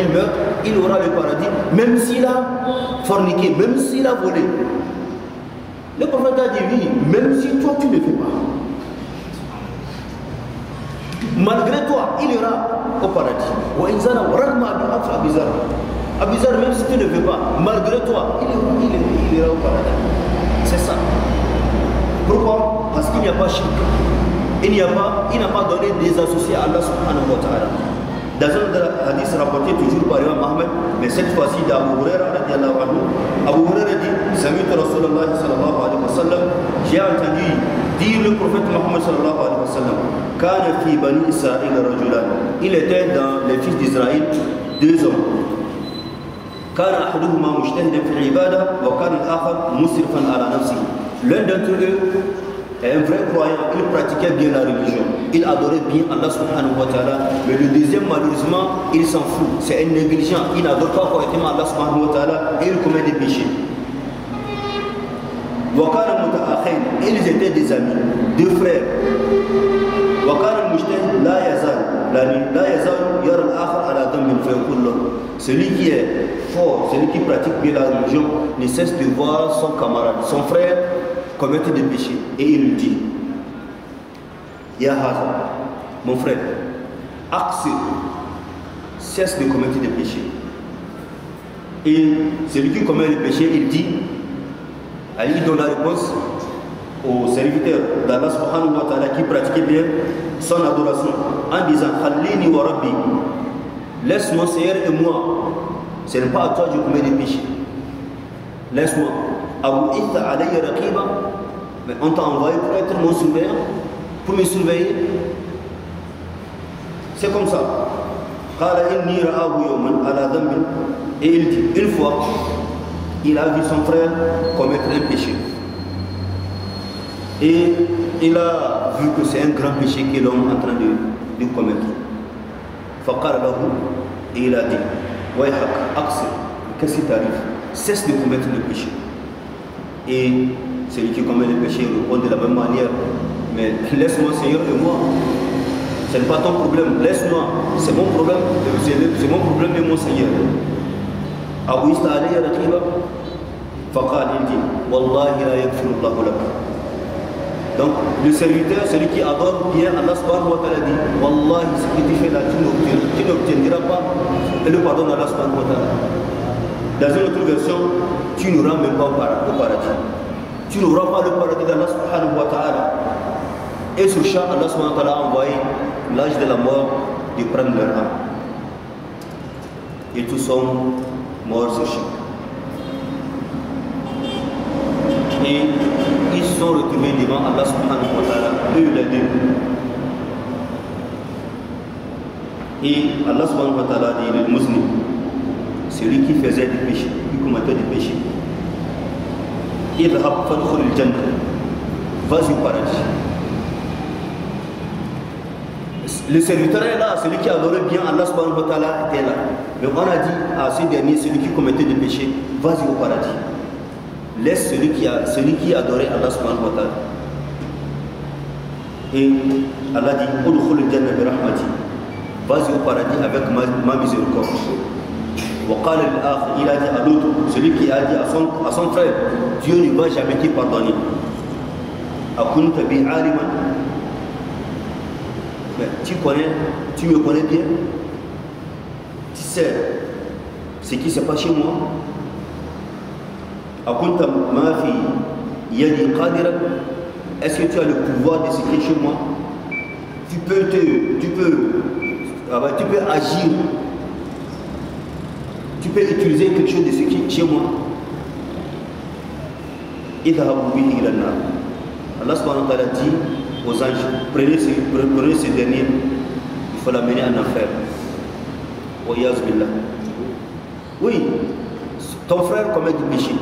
il meurt, il aura le paradis, même s'il a forniqué, même s'il a volé. Le prophète a dit oui, même si toi tu ne fais pas, malgré toi, il ira au paradis. Abizar, même si tu ne fais pas, malgré toi, il ira, il au paradis. C'est ça. Pourquoi Parce qu'il n'y a pas chic. Il n'y a pas, il n'a pas donné des associés à Allah subhanahu wa ta'ala. Dans un hadith rapporté toujours par Imam Ahmed, mais cette fois-ci d'Abu Huraira radiallahu anhu, Abu Huraira dit Samit Rasulullah sallallahu alayhi wa sallam, j'ai entendu dire le prophète Mohammed sallallahu alayhi wa sallam, Kana fi bani Israël rajulan. Il était dans les fils d'Israël deux hommes. Kana ahaduhuma mujtahidan fil ibada wa kana al-akhar musrifan ala nafsihi. L'un d'entre eux est un vrai croyant, il pratiquait bien la religion. il adorait bien Allah subhanahu wa ta'ala. Mais le deuxième, malheureusement, il s'en fout. C'est un négligent. Il n'adore pas correctement Allah subhanahu wa ta'ala et il commet des péchés. Ils étaient des amis, deux frères. Celui qui est fort, celui qui pratique bien la religion, ne cesse de voir son camarade, son frère commettre des péchés. Et il le dit. Ya mon frère, axe, cesse de commettre des péchés. Et celui qui commet des péchés il dit, Ali donne la réponse au serviteur d'Allah subhanahu wa ta'ala qui pratiquait bien son adoration en disant Khalini wa Rabbi, laisse moi Seigneur et moi, ce n'est pas à toi que je commets des péchés. Laisse-moi. Abu alayya raqiba, mais on t'a envoyé pour être mon souverain pour me surveiller. C'est comme ça. Et il dit, une fois, il a vu son frère commettre un péché. Et il a vu que c'est un grand péché que l'homme est en train de, de commettre. Et il a dit, Axel, qu'est-ce qui t'arrive Cesse de commettre le péché. Et celui qui commet le péché répond de la même manière mais laisse-moi, Seigneur, et moi. Ce n'est pas ton problème, laisse-moi. C'est mon problème, c'est mon problème de mon Seigneur. Abu alayhi faqal, il dit, Wallahi la yakfirullahu Donc, le serviteur, celui qui adore bien Allah subhanahu wa ta'ala dit, Wallahi, ce que tu fais là, tu n'obtiendras pas le pardon d'Allah subhanahu wa ta'ala. Dans une autre version, tu ne rends même pas au paradis. Tu ne rends pas le paradis d'Allah subhanahu wa ta'ala. Et sur chat, Allah subhanahu a envoyé l'âge de la mort de prendre leur âme. Et tous sont morts sur chaque. Et ils sont retrouvés devant Allah subhanahu wa ta'ala, eux les deux. Et Allah subhanahu wa ta'ala dit le musulman, celui qui faisait du péché, qui commettait du péché, il a le fait va au paradis. Le serviteur est là, celui qui adorait bien Allah subhanahu wa ta'ala était là. Mais on a dit à ce dernier, celui qui commettait des péchés, vas-y au paradis. Laisse celui qui, a, celui qui adorait Allah subhanahu wa ta'ala. Et Allah dit, bi rahmati. Vas-y au paradis avec ma, miséricorde. il a dit à l'autre celui qui a dit à son, frère Dieu ne va jamais te pardonner bi tu connais, tu me connais bien, tu sais ce qui se passe chez moi. Akunta ma fille, est-ce que tu as le pouvoir de ce qui est chez moi Tu peux te, tu peux, ah bah, tu peux agir, tu peux utiliser quelque chose de ce qui est chez moi. Allah subhanahu wa ta'ala dit aux anges, prenez ce, dernier, il faut l'amener en enfer. Oui, ton frère commet du péché.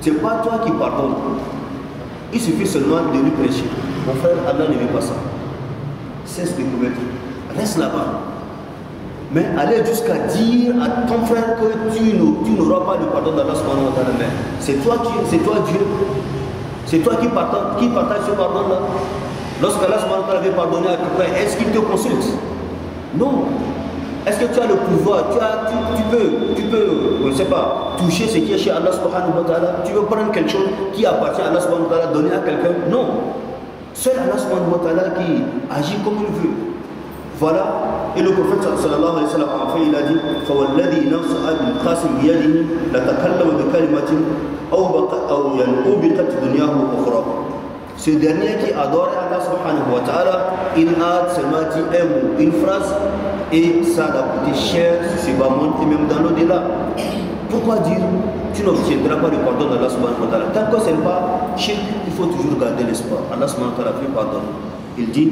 Ce n'est pas toi qui pardonnes. Il suffit seulement de lui prêcher. Mon frère, Allah ne veut pas ça. Cesse de commettre. Reste là-bas. Mais allez jusqu'à dire à ton frère que tu n'auras pas le pardon d'Allah, c'est toi, c'est toi Dieu c'est toi qui partage, qui partage ce pardon-là. Lorsqu'Allah avait pardonné à quelqu'un, est-ce qu'il te consulte Non. Est-ce que tu as le pouvoir tu, as, tu, peux, tu peux, je ne sais pas, toucher ce qui est chez Allah subhanahu wa ta'ala Tu veux prendre quelque chose qui appartient à Allah subhanahu wa ta'ala, donner à quelqu'un Non. Seul Allah subhanahu wa ta'ala qui agit comme il veut. Voilà إلو بروفيت صلى الله عليه وسلم عن فيلادي فوالذي نفس أبي القاسم بيده لتكلم بكلمة أو بق أو يعني أوبقت دنياه أخرى ce dernier qui adore Allah subhanahu wa ta'ala, il a seulement dit un mot, une phrase, et ça l'a coûté cher sur ce tu n'obtiendras pas le pardon d'Allah subhanahu wa ta'ala Tant que ce n'est pas shirk, il faut toujours garder l'espoir. Allah subhanahu wa ta'ala fait pardon. Il dit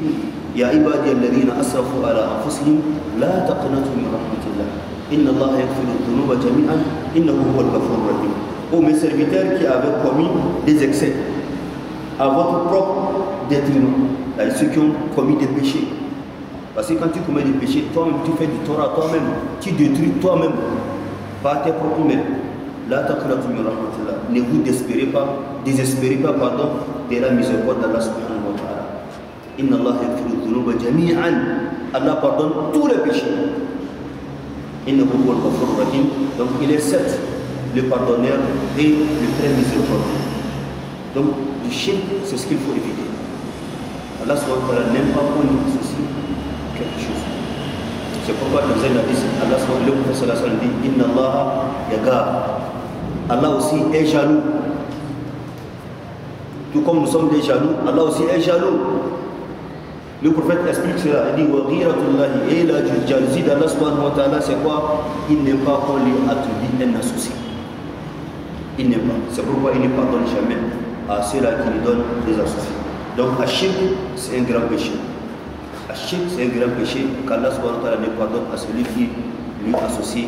يا عبادي الذين أسرفوا على أنفسهم لا تقنطوا من رحمة الله إن الله يغفر الذنوب جميعا إنه هو الغفور الرحيم mes serviteurs qui avaient commis des excès à votre propre détriment, ceux qui ont commis des péchés. Parce que quand tu commets des péchés, toi-même, tu fais du tort à toi-même, tu détruis toi-même par tes propres mains. La Ne vous désespérez pas, désespérez pas, pardon, de la miséricorde d'Allah Inna Allah dhunuba jami'an. Allah pardonne tous les péchés. Inna huwa al rahim. Donc il est sept, le pardonneur et le très miséricordieux. Donc le chien, c'est ce qu'il faut éviter. Allah subhanahu n'aime pas pour nous ceci quelque chose. C'est pourquoi dans un dit, Allah subhanahu wa ta'ala dit Inna Allah yagar. Allah aussi est jaloux. Tout comme nous sommes des jaloux, Allah aussi est jaloux. Le prophète explique cela. Il dit Waghiratullahi et la jalousie subhanahu wa ta'ala, c'est quoi Il n'est pas qu'on lui attribue un associé. Il n'est pas. C'est pourquoi il ne pardonne jamais à ceux-là qui lui donnent des associés. Donc, Hachim, c'est un grand péché. Hachim, c'est un grand péché qu'Allah subhanahu wa ta'ala ne pardonne à celui qui lui associe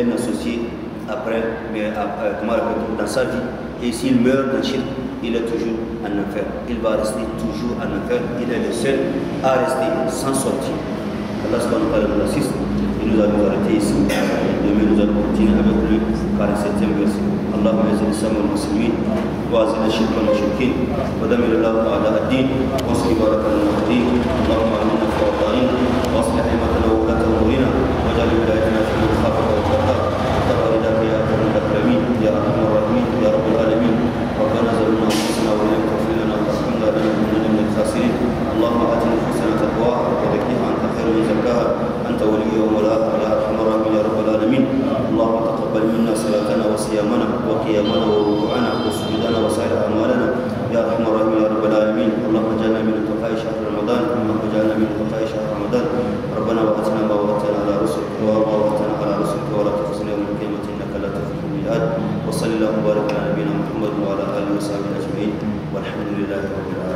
un associé après, mais, euh, comment dans sa vie. Et s'il meurt d'un il est toujours en enfer. Il va rester toujours en enfer. Il est le seul à rester sans sortir. Allah subhanahu wa nous assiste. Il nous a arrêté ici. Demain, nous allons continuer avec le 47e verset. اللهم اعز الاسلام والمسلمين واعزل الشرك والمشركين ودمر الله اعداء الدين وانصر بارك المهدين اللهم علمنا في وضعين واصلح عمتنا وولاة امورنا واجعل ولايتنا في من خافك وتقاك وتقى رداك يا اكرم الاكرمين يا ارحم الراحمين يا رب العالمين أنفسنا تقواها وزكيها أنت خير من زكاها أنت وليها ومولاها يا أرحم يا رب العالمين اللهم تقبل منا صلاتنا وصيامنا وقيامنا وركوعنا وسجودنا وسائر أعمالنا يا أرحم الراحمين يا رب العالمين اللهم اجعلنا من اتقاء شهر رمضان اللهم اجعلنا من اتقاء شهر رمضان ربنا وأتنا ما وعدتنا على رسلك وما وعدتنا على رسلك ولا تخزنا يوم القيامة إنك لا تخلف الميعاد وصلى اللهم وبارك على نبينا محمد وعلى آله وصحبه أجمعين والحمد لله رب العالمين